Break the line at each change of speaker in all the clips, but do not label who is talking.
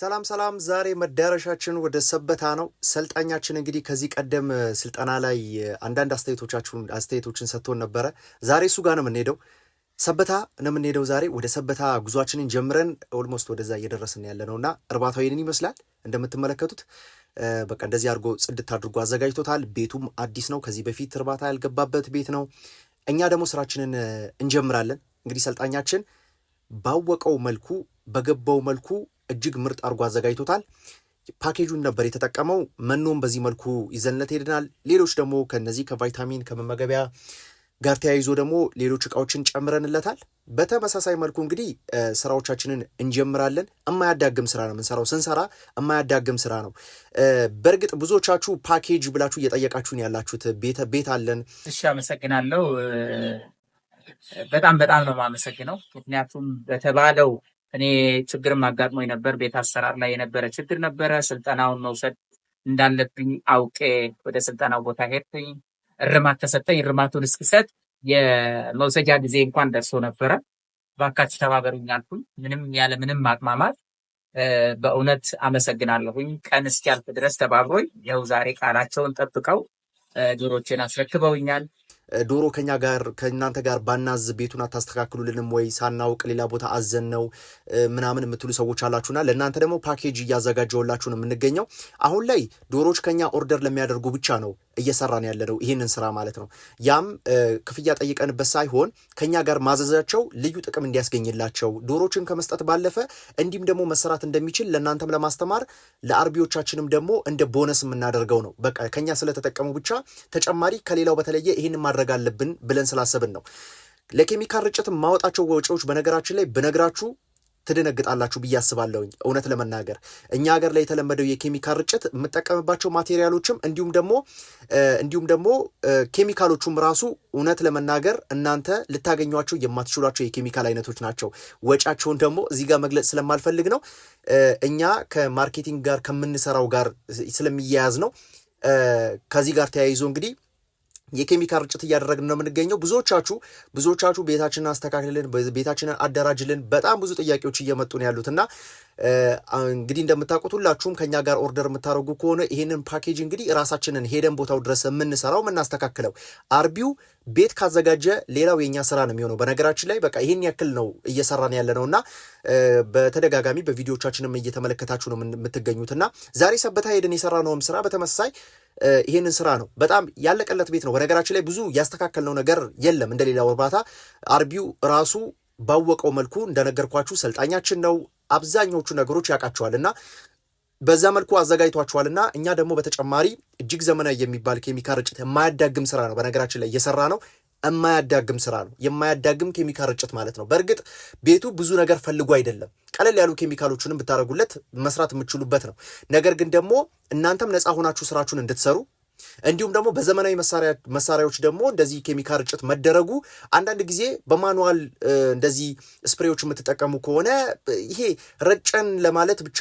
ሰላም ሰላም፣ ዛሬ መዳረሻችን ወደ ሰበታ ነው። ሰልጣኛችን እንግዲህ ከዚህ ቀደም ስልጠና ላይ አንዳንድ አስተያየቶቻችሁን አስተያየቶችን ሰጥቶን ነበረ። ዛሬ እሱ ጋር ነው የምንሄደው፣ ሰበታ ነው የምንሄደው። ዛሬ ወደ ሰበታ ጉዟችንን ጀምረን ኦልሞስት ወደዛ እየደረስን ያለ ነው እና እርባታው ይህንን ይመስላል እንደምትመለከቱት በቃ እንደዚህ አድርጎ ጽድት አድርጎ አዘጋጅቶታል። ቤቱም አዲስ ነው፣ ከዚህ በፊት እርባታ ያልገባበት ቤት ነው። እኛ ደግሞ ስራችንን እንጀምራለን። እንግዲህ ሰልጣኛችን ባወቀው መልኩ በገባው መልኩ እጅግ ምርጥ አድርጎ አዘጋጅቶታል። ፓኬጁን ነበር የተጠቀመው። መኖም በዚህ መልኩ ይዘንለት ሄድናል። ሌሎች ደግሞ ከነዚህ ከቫይታሚን ከመመገቢያ ጋር ተያይዞ ደግሞ ሌሎች እቃዎችን ጨምረንለታል። በተመሳሳይ መልኩ እንግዲህ ስራዎቻችንን እንጀምራለን። የማያዳግም ስራ ነው የምንሰራው። ስንሰራ የማያዳግም ስራ ነው። በእርግጥ ብዙዎቻችሁ ፓኬጅ ብላችሁ እየጠየቃችሁን ያላችሁት ቤት አለን።
እሺ፣ አመሰግናለሁ። በጣም በጣም ነው የማመሰግነው። ምክንያቱም በተባለው እኔ ችግርም አጋጥሞኝ ነበር። ቤት አሰራር ላይ የነበረ ችግር ነበረ። ስልጠናውን መውሰድ እንዳለብኝ አውቄ ወደ ስልጠናው ቦታ ሄድኩኝ። እርማት ተሰጠኝ። እርማቱን እስክሰጥ የመውሰጃ ጊዜ እንኳን ደርሶ ነበረ። ባካች ተባበሩኝ አልኩኝ። ምንም ያለ ምንም ማቅማማት በእውነት አመሰግናለሁኝ። ቀን እስኪያልፍ ድረስ ተባብሮኝ ይኸው ዛሬ ቃላቸውን ጠብቀው ጆሮቼን አስረክበውኛል።
ዶሮ ከኛ ጋር ከእናንተ ጋር ባናዝ ቤቱን አታስተካክሉልንም ወይ? ሳናውቅ ሌላ ቦታ አዘን ነው ምናምን የምትሉ ሰዎች አላችሁና ለእናንተ ደግሞ ፓኬጅ እያዘጋጀውላችሁ ነው የምንገኘው። አሁን ላይ ዶሮዎች ከኛ ኦርደር ለሚያደርጉ ብቻ ነው እየሰራን ያለነው ይህንን ስራ ማለት ነው። ያም ክፍያ ጠይቀንበት ሳይሆን ከኛ ጋር ማዘዛቸው ልዩ ጥቅም እንዲያስገኝላቸው ዶሮችን ከመስጠት ባለፈ እንዲሁም ደግሞ መሰራት እንደሚችል ለእናንተም ለማስተማር ለአርቢዎቻችንም ደግሞ እንደ ቦነስ የምናደርገው ነው። በቃ ከኛ ስለተጠቀሙ ብቻ ተጨማሪ ከሌላው በተለየ ይህንን ማድረግ አለብን ብለን ስላሰብን ነው። ለኬሚካል ርጭት የማወጣቸው ወጪዎች በነገራችን ላይ ብነግራችሁ ትደነግጣላችሁ ብዬ አስባለሁኝ። እውነት ለመናገር እኛ ሀገር ላይ የተለመደው የኬሚካል ርጭት የምጠቀምባቸው ማቴሪያሎችም እንዲሁም ደግሞ እንዲሁም ደግሞ ኬሚካሎቹም ራሱ እውነት ለመናገር እናንተ ልታገኟቸው የማትችሏቸው የኬሚካል አይነቶች ናቸው። ወጫቸውን ደግሞ እዚህ ጋር መግለጽ ስለማልፈልግ ነው። እኛ ከማርኬቲንግ ጋር ከምንሰራው ጋር ስለሚያያዝ ነው። ከዚህ ጋር ተያይዞ እንግዲህ የኬሚካል ርጭት እያደረግን ነው የምንገኘው። ብዙዎቻችሁ ብዙዎቻችሁ ቤታችንን አስተካክልልን፣ ቤታችንን አደራጅልን በጣም ብዙ ጥያቄዎች እየመጡ ነው ያሉት እና እንግዲህ እንደምታውቁት ሁላችሁም ከኛ ጋር ኦርደር የምታደርጉ ከሆነ ይህንን ፓኬጅ እንግዲህ ራሳችንን ሄደን ቦታው ድረስ የምንሰራው የምናስተካክለው አርቢው ቤት ካዘጋጀ ሌላው የኛ ስራ ነው የሚሆነው። በነገራችን ላይ በቃ ይህን ያክል ነው እየሰራን ያለ ነው እና በተደጋጋሚ በቪዲዮቻችንም እየተመለከታችሁ ነው የምትገኙት እና ዛሬ ሰበታ ሄደን የሰራነውም ስራ በተመሳሳይ ይህንን ስራ ነው። በጣም ያለቀለት ቤት ነው። በነገራችን ላይ ብዙ ያስተካከልነው ነገር የለም። እንደሌላው እርባታ አርቢው ራሱ ባወቀው መልኩ እንደነገርኳችሁ ሰልጣኛችን ነው አብዛኞቹ ነገሮች ያውቃቸዋልና በዛ መልኩ አዘጋጅቷቸዋልና እኛ ደግሞ በተጨማሪ እጅግ ዘመናዊ የሚባል ኬሚካል ርጭት የማያዳግም ስራ ነው በነገራችን ላይ እየሰራ ነው የማያዳግም ስራ ነው። የማያዳግም ኬሚካል ርጭት ማለት ነው። በእርግጥ ቤቱ ብዙ ነገር ፈልጎ አይደለም። ቀለል ያሉ ኬሚካሎቹንም ብታደርጉለት መስራት የምችሉበት ነው። ነገር ግን ደግሞ እናንተም ነፃ ሆናችሁ ስራችሁን እንድትሰሩ እንዲሁም ደግሞ በዘመናዊ መሳሪያዎች ደግሞ እንደዚህ ኬሚካል ርጭት መደረጉ አንዳንድ ጊዜ በማኑዋል እንደዚህ ስፕሬዎች የምትጠቀሙ ከሆነ ይሄ ረጨን ለማለት ብቻ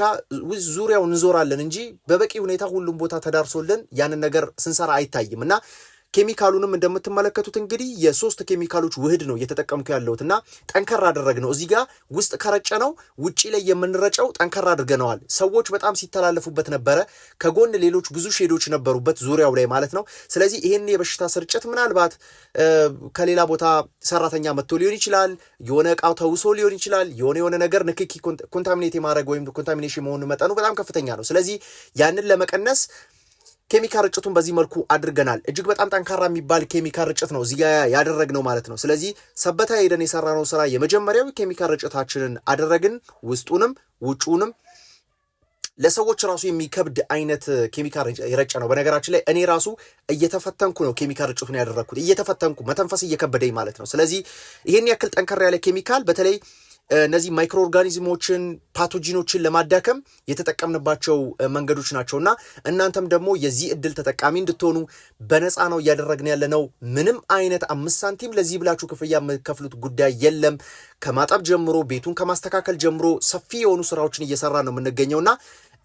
ዙሪያውን እንዞራለን እንጂ በበቂ ሁኔታ ሁሉም ቦታ ተዳርሶልን ያንን ነገር ስንሰራ አይታይም እና ኬሚካሉንም እንደምትመለከቱት እንግዲህ የሶስት ኬሚካሎች ውህድ ነው እየተጠቀምኩ ያለሁት እና ጠንከራ አደረግ ነው። እዚህ ጋር ውስጥ ከረጨ ነው ውጪ ላይ የምንረጨው ጠንከራ አድርገነዋል። ሰዎች በጣም ሲተላለፉበት ነበረ። ከጎን ሌሎች ብዙ ሼዶች ነበሩበት ዙሪያው ላይ ማለት ነው። ስለዚህ ይህን የበሽታ ስርጭት ምናልባት ከሌላ ቦታ ሰራተኛ መጥቶ ሊሆን ይችላል። የሆነ እቃው ተውሶ ሊሆን ይችላል። የሆነ የሆነ ነገር ንክኪ ኮንታሚኔት የማድረግ ወይም ኮንታሚኔሽን መሆኑ መጠኑ በጣም ከፍተኛ ነው። ስለዚህ ያንን ለመቀነስ ኬሚካል ርጭቱን በዚህ መልኩ አድርገናል። እጅግ በጣም ጠንካራ የሚባል ኬሚካል ርጭት ነው እዚህ ያደረግነው ማለት ነው። ስለዚህ ሰበታ ሄደን የሰራነው ስራ የመጀመሪያው ኬሚካል ርጭታችንን አደረግን። ውስጡንም ውጩንም ለሰዎች ራሱ የሚከብድ አይነት ኬሚካል የረጨ ነው። በነገራችን ላይ እኔ ራሱ እየተፈተንኩ ነው ኬሚካል ርጭቱን ያደረግኩት፣ እየተፈተንኩ መተንፈስ እየከበደኝ ማለት ነው። ስለዚህ ይህን ያክል ጠንካራ ያለ ኬሚካል በተለይ እነዚህ ማይክሮ ኦርጋኒዝሞችን ፓቶጂኖችን ለማዳከም የተጠቀምንባቸው መንገዶች ናቸው እና እናንተም ደግሞ የዚህ እድል ተጠቃሚ እንድትሆኑ በነፃ ነው እያደረግን ያለ ነው። ምንም አይነት አምስት ሳንቲም ለዚህ ብላችሁ ክፍያ የምትከፍሉት ጉዳይ የለም። ከማጠብ ጀምሮ ቤቱን ከማስተካከል ጀምሮ ሰፊ የሆኑ ስራዎችን እየሰራ ነው የምንገኘውና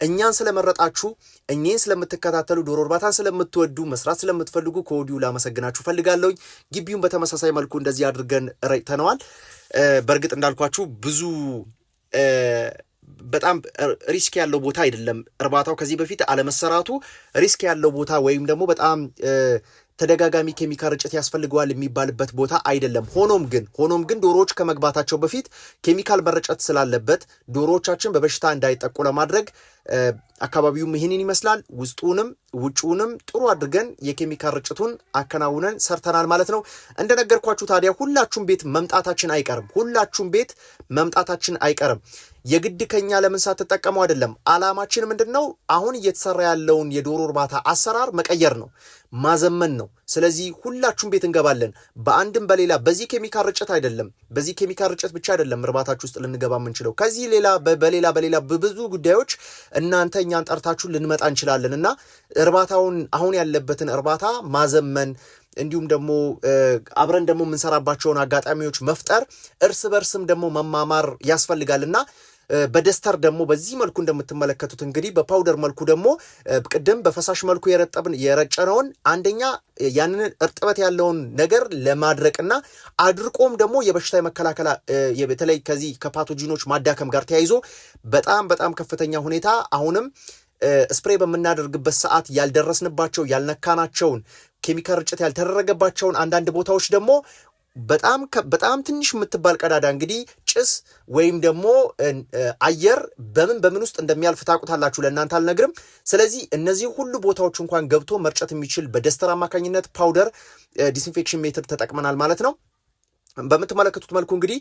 እኛን ስለመረጣችሁ እኔን ስለምትከታተሉ ዶሮ እርባታን ስለምትወዱ መስራት ስለምትፈልጉ ከወዲሁ ላመሰግናችሁ ፈልጋለሁኝ። ግቢውን በተመሳሳይ መልኩ እንደዚህ አድርገን ረጭተነዋል። በእርግጥ እንዳልኳችሁ ብዙ በጣም ሪስክ ያለው ቦታ አይደለም። እርባታው ከዚህ በፊት አለመሰራቱ ሪስክ ያለው ቦታ ወይም ደግሞ በጣም ተደጋጋሚ ኬሚካል ርጭት ያስፈልገዋል የሚባልበት ቦታ አይደለም። ሆኖም ግን ሆኖም ግን ዶሮዎች ከመግባታቸው በፊት ኬሚካል መረጨት ስላለበት ዶሮዎቻችን በበሽታ እንዳይጠቁ ለማድረግ አካባቢውም ይህንን ይመስላል። ውስጡንም ውጩንም ጥሩ አድርገን የኬሚካል ርጭቱን አከናውነን ሰርተናል ማለት ነው። እንደነገርኳችሁ ታዲያ ሁላችሁም ቤት መምጣታችን አይቀርም። ሁላችሁም ቤት መምጣታችን አይቀርም። የግድ ከኛ ለምን ሳትጠቀሙ አይደለም። አላማችን ምንድን ነው? አሁን እየተሰራ ያለውን የዶሮ እርባታ አሰራር መቀየር ነው፣ ማዘመን ነው። ስለዚህ ሁላችሁም ቤት እንገባለን። በአንድም በሌላ በዚህ ኬሚካል ርጭት አይደለም፣ በዚህ ኬሚካል ርጭት ብቻ አይደለም እርባታችሁ ውስጥ ልንገባ የምንችለው። ከዚህ ሌላ በሌላ በሌላ በብዙ ጉዳዮች እናንተ እኛን ጠርታችሁ ልንመጣ እንችላለን እና እርባታውን አሁን ያለበትን እርባታ ማዘመን እንዲሁም ደግሞ አብረን ደግሞ የምንሰራባቸውን አጋጣሚዎች መፍጠር እርስ በርስም ደግሞ መማማር ያስፈልጋል እና በደስተር ደግሞ በዚህ መልኩ እንደምትመለከቱት እንግዲህ በፓውደር መልኩ ደግሞ ቅድም በፈሳሽ መልኩ የረጠብን የረጨነውን አንደኛ ያንን እርጥበት ያለውን ነገር ለማድረቅና አድርቆም ደግሞ የበሽታ መከላከላ በተለይ ከዚህ ከፓቶጂኖች ማዳከም ጋር ተያይዞ በጣም በጣም ከፍተኛ ሁኔታ አሁንም ስፕሬ በምናደርግበት ሰዓት ያልደረስንባቸው ያልነካናቸውን ኬሚካል ርጭት ያልተደረገባቸውን አንዳንድ ቦታዎች ደግሞ በጣም በጣም ትንሽ የምትባል ቀዳዳ እንግዲህ ጭስ ወይም ደግሞ አየር በምን በምን ውስጥ እንደሚያልፍ ታውቁታላችሁ። ለእናንተ አልነግርም። ስለዚህ እነዚህ ሁሉ ቦታዎች እንኳን ገብቶ መርጨት የሚችል በደስተር አማካኝነት ፓውደር ዲስኢንፌክሽን ሜትር ተጠቅመናል ማለት ነው። በምትመለከቱት መልኩ እንግዲህ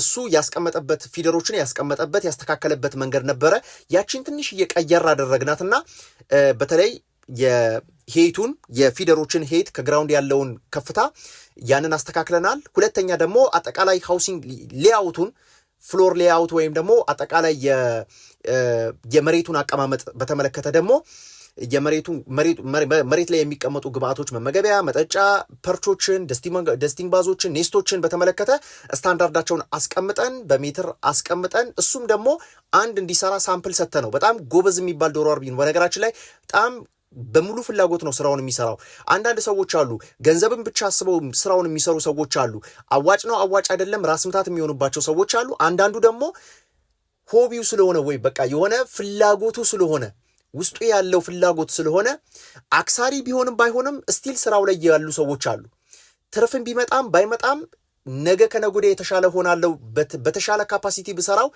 እሱ ያስቀመጠበት ፊደሮችን ያስቀመጠበት ያስተካከለበት መንገድ ነበረ። ያቺን ትንሽ እየቀየር አደረግናትና በተለይ ሄይቱን የፊደሮችን ሄይት ከግራውንድ ያለውን ከፍታ ያንን አስተካክለናል። ሁለተኛ ደግሞ አጠቃላይ ሃውሲንግ ሌአውቱን ፍሎር ሌአውት ወይም ደግሞ አጠቃላይ የመሬቱን አቀማመጥ በተመለከተ ደግሞ መሬት ላይ የሚቀመጡ ግብአቶች መመገቢያ፣ መጠጫ፣ ፐርቾችን፣ ደስቲንግ ባዞችን፣ ኔስቶችን በተመለከተ ስታንዳርዳቸውን አስቀምጠን በሜትር አስቀምጠን እሱም ደግሞ አንድ እንዲሰራ ሳምፕል ሰተ ነው። በጣም ጎበዝ የሚባል ዶሮ አርቢ ነው። በነገራችን ላይ በጣም በሙሉ ፍላጎት ነው ስራውን የሚሰራው። አንዳንድ ሰዎች አሉ ገንዘብን ብቻ አስበው ስራውን የሚሰሩ ሰዎች አሉ። አዋጭ ነው አዋጭ አይደለም ራስ ምታት የሚሆኑባቸው ሰዎች አሉ። አንዳንዱ ደግሞ ሆቢው ስለሆነ ወይ በቃ የሆነ ፍላጎቱ ስለሆነ ውስጡ ያለው ፍላጎት ስለሆነ አክሳሪ ቢሆንም ባይሆንም ስቲል ስራው ላይ ያሉ ሰዎች አሉ። ትርፍን ቢመጣም ባይመጣም ነገ ከነገ ወዲያ የተሻለ ሆናለው በተሻለ ካፓሲቲ ብሰራው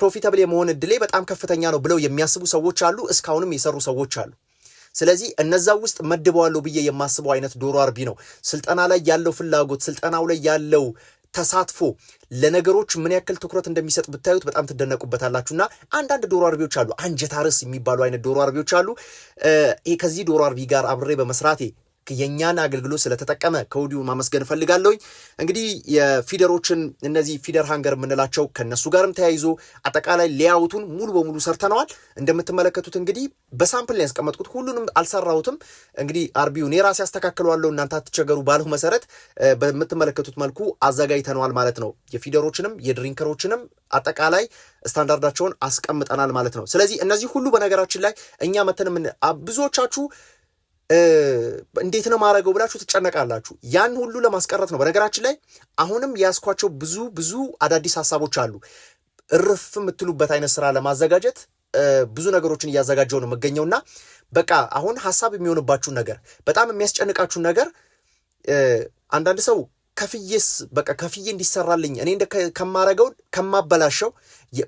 ፕሮፊታብል የመሆን እድሌ በጣም ከፍተኛ ነው ብለው የሚያስቡ ሰዎች አሉ። እስካሁንም የሰሩ ሰዎች አሉ። ስለዚህ እነዛ ውስጥ መድበዋለሁ ብዬ የማስበው አይነት ዶሮ አርቢ ነው። ስልጠና ላይ ያለው ፍላጎት፣ ስልጠናው ላይ ያለው ተሳትፎ፣ ለነገሮች ምን ያክል ትኩረት እንደሚሰጥ ብታዩት በጣም ትደነቁበታላችሁ። እና አንዳንድ ዶሮ አርቢዎች አሉ፣ አንጀታርስ የሚባሉ አይነት ዶሮ አርቢዎች አሉ። ከዚህ ዶሮ አርቢ ጋር አብሬ በመስራቴ የእኛን አገልግሎት ስለተጠቀመ ከወዲሁ ማመስገን እፈልጋለሁኝ። እንግዲህ የፊደሮችን እነዚህ ፊደር ሃንገር የምንላቸው ከነሱ ጋርም ተያይዞ አጠቃላይ ሌያውቱን ሙሉ በሙሉ ሰርተነዋል። እንደምትመለከቱት እንግዲህ በሳምፕል ላይ ያስቀመጥኩት ሁሉንም አልሰራሁትም። እንግዲህ አርቢውን ራሴ ያስተካክለዋለሁ እናንተ አትቸገሩ ባልሁ መሰረት በምትመለከቱት መልኩ አዘጋጅተነዋል ማለት ነው። የፊደሮችንም የድሪንከሮችንም አጠቃላይ ስታንዳርዳቸውን አስቀምጠናል ማለት ነው። ስለዚህ እነዚህ ሁሉ በነገራችን ላይ እኛ መተን ብዙዎቻችሁ እንዴት ነው ማድረገው ብላችሁ ትጨነቃላችሁ። ያን ሁሉ ለማስቀረት ነው። በነገራችን ላይ አሁንም ያስኳቸው ብዙ ብዙ አዳዲስ ሀሳቦች አሉ። እርፍ የምትሉበት አይነት ስራ ለማዘጋጀት ብዙ ነገሮችን እያዘጋጀው ነው የምገኘውና በቃ አሁን ሀሳብ የሚሆንባችሁን ነገር በጣም የሚያስጨንቃችሁን ነገር አንዳንድ ሰው ከፍዬስ በቃ ከፍዬ እንዲሰራልኝ እኔ እንደ ከማረገው ከማበላሸው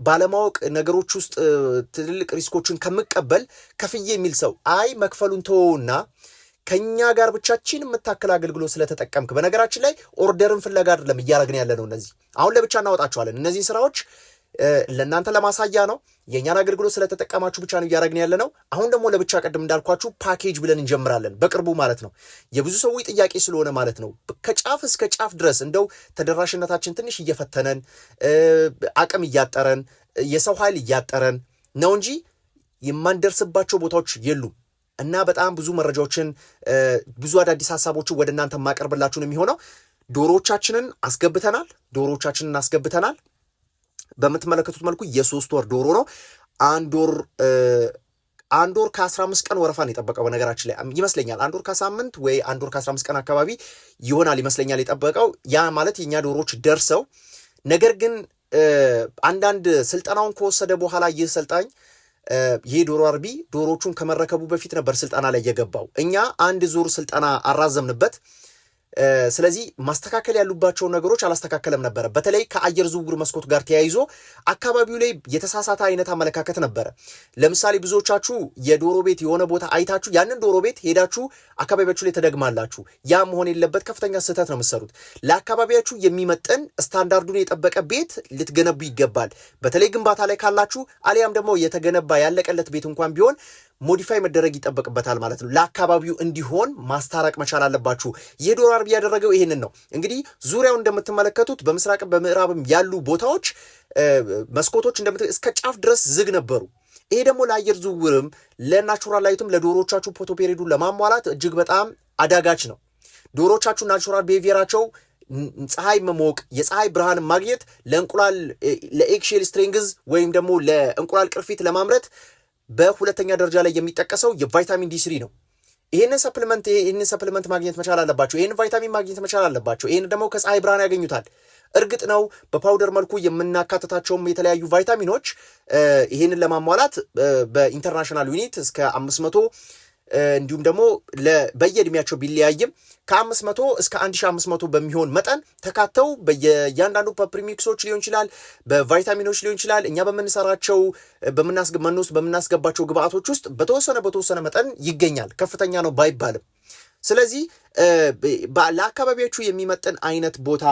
ባለማወቅ ነገሮች ውስጥ ትልልቅ ሪስኮችን ከምቀበል ከፍዬ የሚል ሰው አይ መክፈሉን ተወውና ከኛ ጋር ብቻችን የምታክል አገልግሎት ስለተጠቀምክ። በነገራችን ላይ ኦርደርን ፍለጋ አይደለም እያደረግን ያለ ነው። እነዚህ አሁን ለብቻ እናወጣቸዋለን እነዚህን ስራዎች ለእናንተ ለማሳያ ነው። የእኛን አገልግሎት ስለተጠቀማችሁ ብቻ ነው እያደረግን ያለ ነው። አሁን ደግሞ ለብቻ ቅድም እንዳልኳችሁ ፓኬጅ ብለን እንጀምራለን በቅርቡ ማለት ነው። የብዙ ሰዊ ጥያቄ ስለሆነ ማለት ነው ከጫፍ እስከ ጫፍ ድረስ እንደው ተደራሽነታችን ትንሽ እየፈተነን አቅም እያጠረን የሰው ኃይል እያጠረን ነው እንጂ የማንደርስባቸው ቦታዎች የሉም። እና በጣም ብዙ መረጃዎችን ብዙ አዳዲስ ሀሳቦችን ወደ እናንተ የማቀርብላችሁን ነው የሚሆነው። ዶሮዎቻችንን አስገብተናል። ዶሮዎቻችንን አስገብተናል። በምትመለከቱት መልኩ የሶስት ወር ዶሮ ነው። አንድ ወር አንድ ወር ከአስራ አምስት ቀን ወረፋን የጠበቀው በነገራችን ላይ ይመስለኛል። አንድ ወር ከሳምንት ወይ አንድ ወር ከአስራ አምስት ቀን አካባቢ ይሆናል ይመስለኛል የጠበቀው። ያ ማለት የእኛ ዶሮዎች ደርሰው ነገር ግን አንዳንድ ስልጠናውን ከወሰደ በኋላ ይህ ሰልጣኝ ይህ ዶሮ አርቢ ዶሮቹን ከመረከቡ በፊት ነበር ስልጠና ላይ የገባው። እኛ አንድ ዙር ስልጠና አራዘምንበት። ስለዚህ ማስተካከል ያሉባቸው ነገሮች አላስተካከለም ነበረ። በተለይ ከአየር ዝውውር መስኮት ጋር ተያይዞ አካባቢው ላይ የተሳሳተ አይነት አመለካከት ነበረ። ለምሳሌ ብዙዎቻችሁ የዶሮ ቤት የሆነ ቦታ አይታችሁ ያንን ዶሮ ቤት ሄዳችሁ አካባቢያችሁ ላይ ተደግማላችሁ። ያ መሆን የለበት ከፍተኛ ስህተት ነው የምትሰሩት። ለአካባቢያችሁ የሚመጥን ስታንዳርዱን የጠበቀ ቤት ልትገነቡ ይገባል። በተለይ ግንባታ ላይ ካላችሁ አሊያም ደግሞ የተገነባ ያለቀለት ቤት እንኳን ቢሆን ሞዲፋይ መደረግ ይጠበቅበታል ማለት ነው። ለአካባቢው እንዲሆን ማስታረቅ መቻል አለባችሁ። የዶሮ አርቢ ያደረገው ይሄንን ነው። እንግዲህ ዙሪያው እንደምትመለከቱት በምስራቅ በምዕራብም ያሉ ቦታዎች መስኮቶች እስከ ጫፍ ድረስ ዝግ ነበሩ። ይሄ ደግሞ ለአየር ዝውውርም ለናቹራል ላይትም ለዶሮቻችሁ ፖቶ ፔሪዱን ለማሟላት እጅግ በጣም አዳጋች ነው። ዶሮቻችሁ ናቹራል ቢሄቪየራቸው ፀሐይ መሞቅ የፀሐይ ብርሃን ማግኘት ለእንቁላል ለኤግሼል ስትሪንግዝ ወይም ደግሞ ለእንቁላል ቅርፊት ለማምረት በሁለተኛ ደረጃ ላይ የሚጠቀሰው የቫይታሚን ዲ ስሪ ነው። ይህንን ሰፕልመንት ይህንን ሰፕልመንት ማግኘት መቻል አለባቸው። ይህን ቫይታሚን ማግኘት መቻል አለባቸው። ይህን ደግሞ ከፀሐይ ብርሃን ያገኙታል። እርግጥ ነው በፓውደር መልኩ የምናካትታቸውም የተለያዩ ቫይታሚኖች ይህንን ለማሟላት በኢንተርናሽናል ዩኒት እስከ አምስት መቶ እንዲሁም ደግሞ በየእድሜያቸው ቢለያይም ከ500 እስከ 1500 በሚሆን መጠን ተካተው በየእያንዳንዱ ፐፕሪሚክሶች ሊሆን ይችላል፣ በቫይታሚኖች ሊሆን ይችላል፣ እኛ በምንሰራቸው መኖ ውስጥ በምናስገባቸው ግብአቶች ውስጥ በተወሰነ በተወሰነ መጠን ይገኛል። ከፍተኛ ነው ባይባልም። ስለዚህ ለአካባቢያችሁ የሚመጥን አይነት ቦታ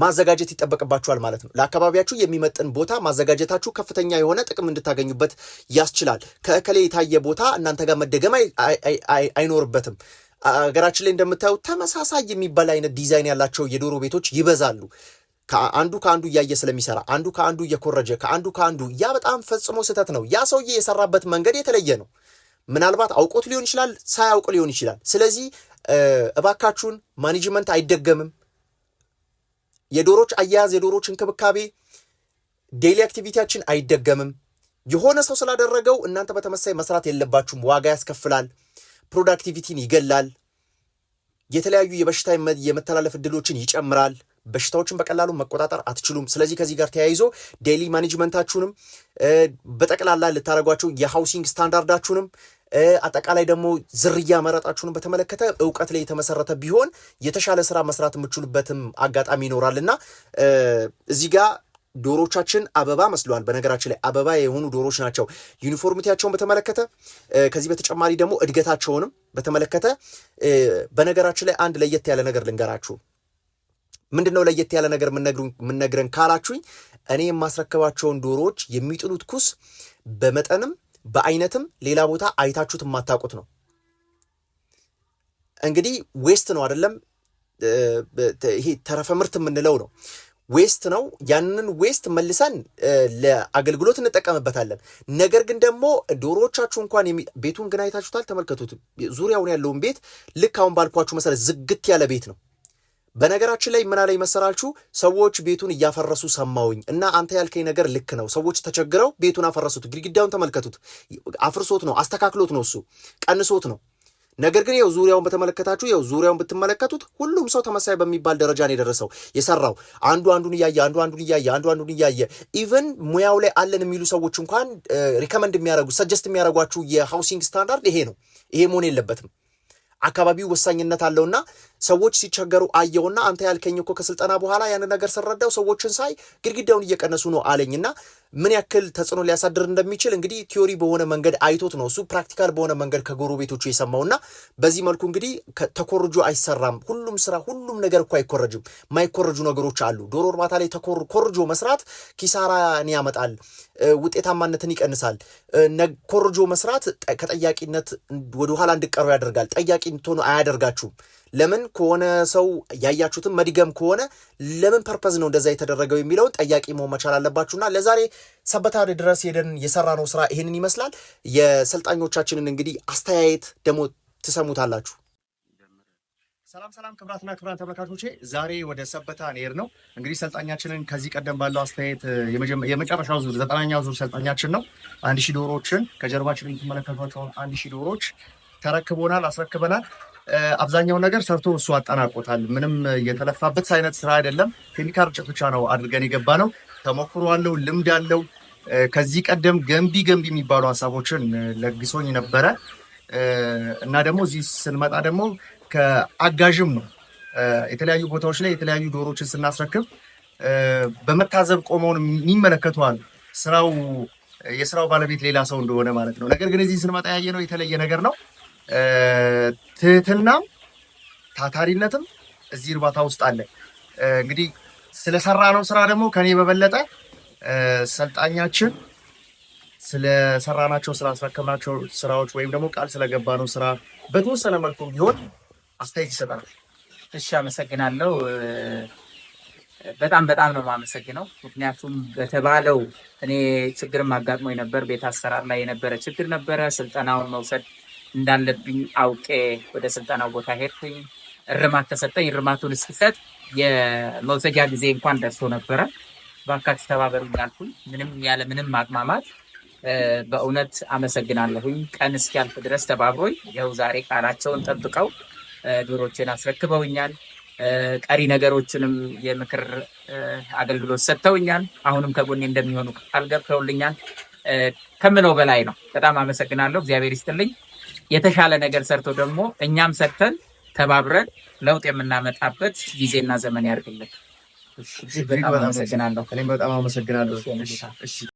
ማዘጋጀት ይጠበቅባችኋል ማለት ነው። ለአካባቢያችሁ የሚመጥን ቦታ ማዘጋጀታችሁ ከፍተኛ የሆነ ጥቅም እንድታገኙበት ያስችላል። ከእከሌ የታየ ቦታ እናንተ ጋር መደገም አይኖርበትም። አገራችን ላይ እንደምታዩ ተመሳሳይ የሚባል አይነት ዲዛይን ያላቸው የዶሮ ቤቶች ይበዛሉ። አንዱ ከአንዱ እያየ ስለሚሰራ አንዱ ከአንዱ እየኮረጀ ከአንዱ ከአንዱ ያ በጣም ፈጽሞ ስህተት ነው። ያ ሰውዬ የሰራበት መንገድ የተለየ ነው። ምናልባት አውቆት ሊሆን ይችላል፣ ሳያውቅ ሊሆን ይችላል። ስለዚህ እባካችሁን ማኔጅመንት አይደገምም የዶሮች አያያዝ፣ የዶሮች እንክብካቤ፣ ዴይሊ አክቲቪቲያችን አይደገምም። የሆነ ሰው ስላደረገው እናንተ በተመሳይ መስራት የለባችሁም። ዋጋ ያስከፍላል፣ ፕሮዳክቲቪቲን ይገላል፣ የተለያዩ የበሽታ የመተላለፍ እድሎችን ይጨምራል። በሽታዎችን በቀላሉ መቆጣጠር አትችሉም። ስለዚህ ከዚህ ጋር ተያይዞ ዴይሊ ማኔጅመንታችሁንም በጠቅላላ ልታደረጓቸው የሃውሲንግ ስታንዳርዳችሁንም አጠቃላይ ደግሞ ዝርያ መረጣችሁን በተመለከተ እውቀት ላይ የተመሰረተ ቢሆን የተሻለ ስራ መስራት የምችሉበትም አጋጣሚ ይኖራል እዚህ ጋር ዶሮቻችን አበባ መስለዋል። በነገራችን ላይ አበባ የሆኑ ዶሮች ናቸው። ዩኒፎርሚቲያቸውን በተመለከተ ከዚህ በተጨማሪ ደግሞ እድገታቸውንም በተመለከተ በነገራችን ላይ አንድ ለየት ያለ ነገር ልንገራችሁ። ምንድን ነው ለየት ያለ ነገር የምነግረን ካላችሁኝ፣ እኔ የማስረከባቸውን ዶሮዎች የሚጥሉት ኩስ በመጠንም በአይነትም ሌላ ቦታ አይታችሁት የማታውቁት ነው። እንግዲህ ዌስት ነው አይደለም፣ ይሄ ተረፈ ምርት የምንለው ነው ዌስት ነው። ያንን ዌስት መልሰን ለአገልግሎት እንጠቀምበታለን። ነገር ግን ደግሞ ዶሮዎቻችሁ እንኳን ቤቱን ግን አይታችሁታል፣ ተመልከቱት። ዙሪያውን ያለውን ቤት ልክ አሁን ባልኳችሁ መሰረት ዝግት ያለ ቤት ነው። በነገራችን ላይ ምን አለኝ መሰላችሁ፣ ሰዎች ቤቱን እያፈረሱ ሰማውኝ እና አንተ ያልከኝ ነገር ልክ ነው። ሰዎች ተቸግረው ቤቱን አፈረሱት። ግድግዳውን ተመልከቱት። አፍርሶት ነው፣ አስተካክሎት ነው፣ እሱ ቀንሶት ነው። ነገር ግን ያው ዙሪያውን በተመለከታችሁ ያው ዙሪያውን ብትመለከቱት ሁሉም ሰው ተመሳሳይ በሚባል ደረጃ ነው የደረሰው የሰራው። አንዱ አንዱን እያየ አንዱ አንዱን እያየ አንዱ አንዱን እያየ ኢቨን ሙያው ላይ አለን የሚሉ ሰዎች እንኳን ሪከመንድ የሚያደርጉ ሰጀስት የሚያደርጓችሁ የሃውሲንግ ስታንዳርድ ይሄ ነው። ይሄ መሆን የለበትም። አካባቢው ወሳኝነት አለውና ሰዎች ሲቸገሩ አየውና አንተ ያልከኝ እኮ ከስልጠና በኋላ ያን ነገር ስረዳው ሰዎችን ሳይ ግድግዳውን እየቀነሱ ነው አለኝና ምን ያክል ተጽዕኖ ሊያሳድር እንደሚችል እንግዲህ ቲዮሪ በሆነ መንገድ አይቶት ነው እሱ ፕራክቲካል በሆነ መንገድ ከጎረቤቶቹ የሰማውና በዚህ መልኩ እንግዲህ ተኮርጆ አይሰራም። ሁሉም ስራ ሁሉም ነገር እኮ አይኮረጅም። የማይኮረጁ ነገሮች አሉ። ዶሮ እርባታ ላይ ኮርጆ መስራት ኪሳራን ያመጣል፣ ውጤታማነትን ይቀንሳል። ኮርጆ መስራት ከጠያቂነት ወደኋላ እንድቀሩ ያደርጋል። ጠያቂ እንድትሆኑ አያደርጋችሁም። ለምን ከሆነ ሰው ያያችሁትን መድገም ከሆነ ለምን ፐርፐዝ ነው እንደዛ የተደረገው የሚለውን ጠያቂ መሆን መቻል አለባችሁና ለዛሬ ሰበታ ድረስ ሄደን ነው ስራ ይህንን ይመስላል። የሰልጣኞቻችንን እንግዲህ አስተያየት ደግሞ ትሰሙታላችሁ። ሰላም ሰላም ክብራትና ክብራን ተመልካቾቼ ዛሬ ወደ ሰበታ ኔር ነው እንግዲህ ሰልጣኛችንን ከዚህ ቀደም ባለው አስተያየት የመጨረሻው ዙር ዘጠናኛው ዙር ሰልጣኛችን ነው። አንድ ሺህ ዶሮችን ከጀርባችን የምትመለከቷቸውን አንድ ሺህ ዶሮች ተረክቦናል፣ አስረክበናል። አብዛኛው ነገር ሰርቶ እሱ አጠናቆታል። ምንም የተለፋበት አይነት ስራ አይደለም። ኬሚካል ርጭት ብቻ ነው አድርገን የገባ ነው። ተሞክሮ አለው፣ ልምድ አለው። ከዚህ ቀደም ገንቢ ገንቢ የሚባሉ ሀሳቦችን ለግሶኝ ነበረ እና ደግሞ እዚህ ስንመጣ ደግሞ ከአጋዥም ነው የተለያዩ ቦታዎች ላይ የተለያዩ ዶሮችን ስናስረክብ በመታዘብ ቆመውን የሚመለከቷል። ስራው የስራው ባለቤት ሌላ ሰው እንደሆነ ማለት ነው። ነገር ግን እዚህ ስንመጣ ያየ ነው የተለየ ነገር ነው። ትህትናም ታታሪነትም እዚህ እርባታ ውስጥ አለ። እንግዲህ ስለሰራ ነው ስራ ደግሞ ከኔ በበለጠ ሰልጣኛችን ስለሰራናቸው ስላስረከብናቸው ስራዎች ወይም ደግሞ ቃል ስለገባ ነው ስራ በተወሰነ መልኩ ቢሆን አስተያየት ይሰጠናል።
እሺ፣ አመሰግናለሁ። በጣም በጣም ነው የማመሰግነው። ምክንያቱም በተባለው እኔ ችግርም አጋጥሞ የነበር ቤት አሰራር ላይ የነበረ ችግር ነበረ። ስልጠናውን መውሰድ እንዳለብኝ አውቄ ወደ ስልጠናው ቦታ ሄድኩኝ። እርማት ተሰጠኝ። እርማቱን እስክሰጥ የመውሰጃ ጊዜ እንኳን ደርሶ ነበረ። ባካችሁ ተባበሩኝ አልኩኝ። ምንም ያለ ምንም ማቅማማት በእውነት አመሰግናለሁኝ። ቀን እስኪያልፍ ድረስ ተባብሮኝ ይኸው ዛሬ ቃላቸውን ጠብቀው ዶሮችን አስረክበውኛል። ቀሪ ነገሮችንም የምክር አገልግሎት ሰጥተውኛል። አሁንም ከጎኔ እንደሚሆኑ ቃል ገብተውልኛል። ከምለው በላይ ነው። በጣም አመሰግናለሁ። እግዚአብሔር ይስጥልኝ። የተሻለ ነገር ሰርቶ ደግሞ እኛም ሰርተን ተባብረን ለውጥ የምናመጣበት ጊዜና ዘመን ያርግልን።
በጣም አመሰግናለሁ። እኔም በጣም አመሰግናለሁ።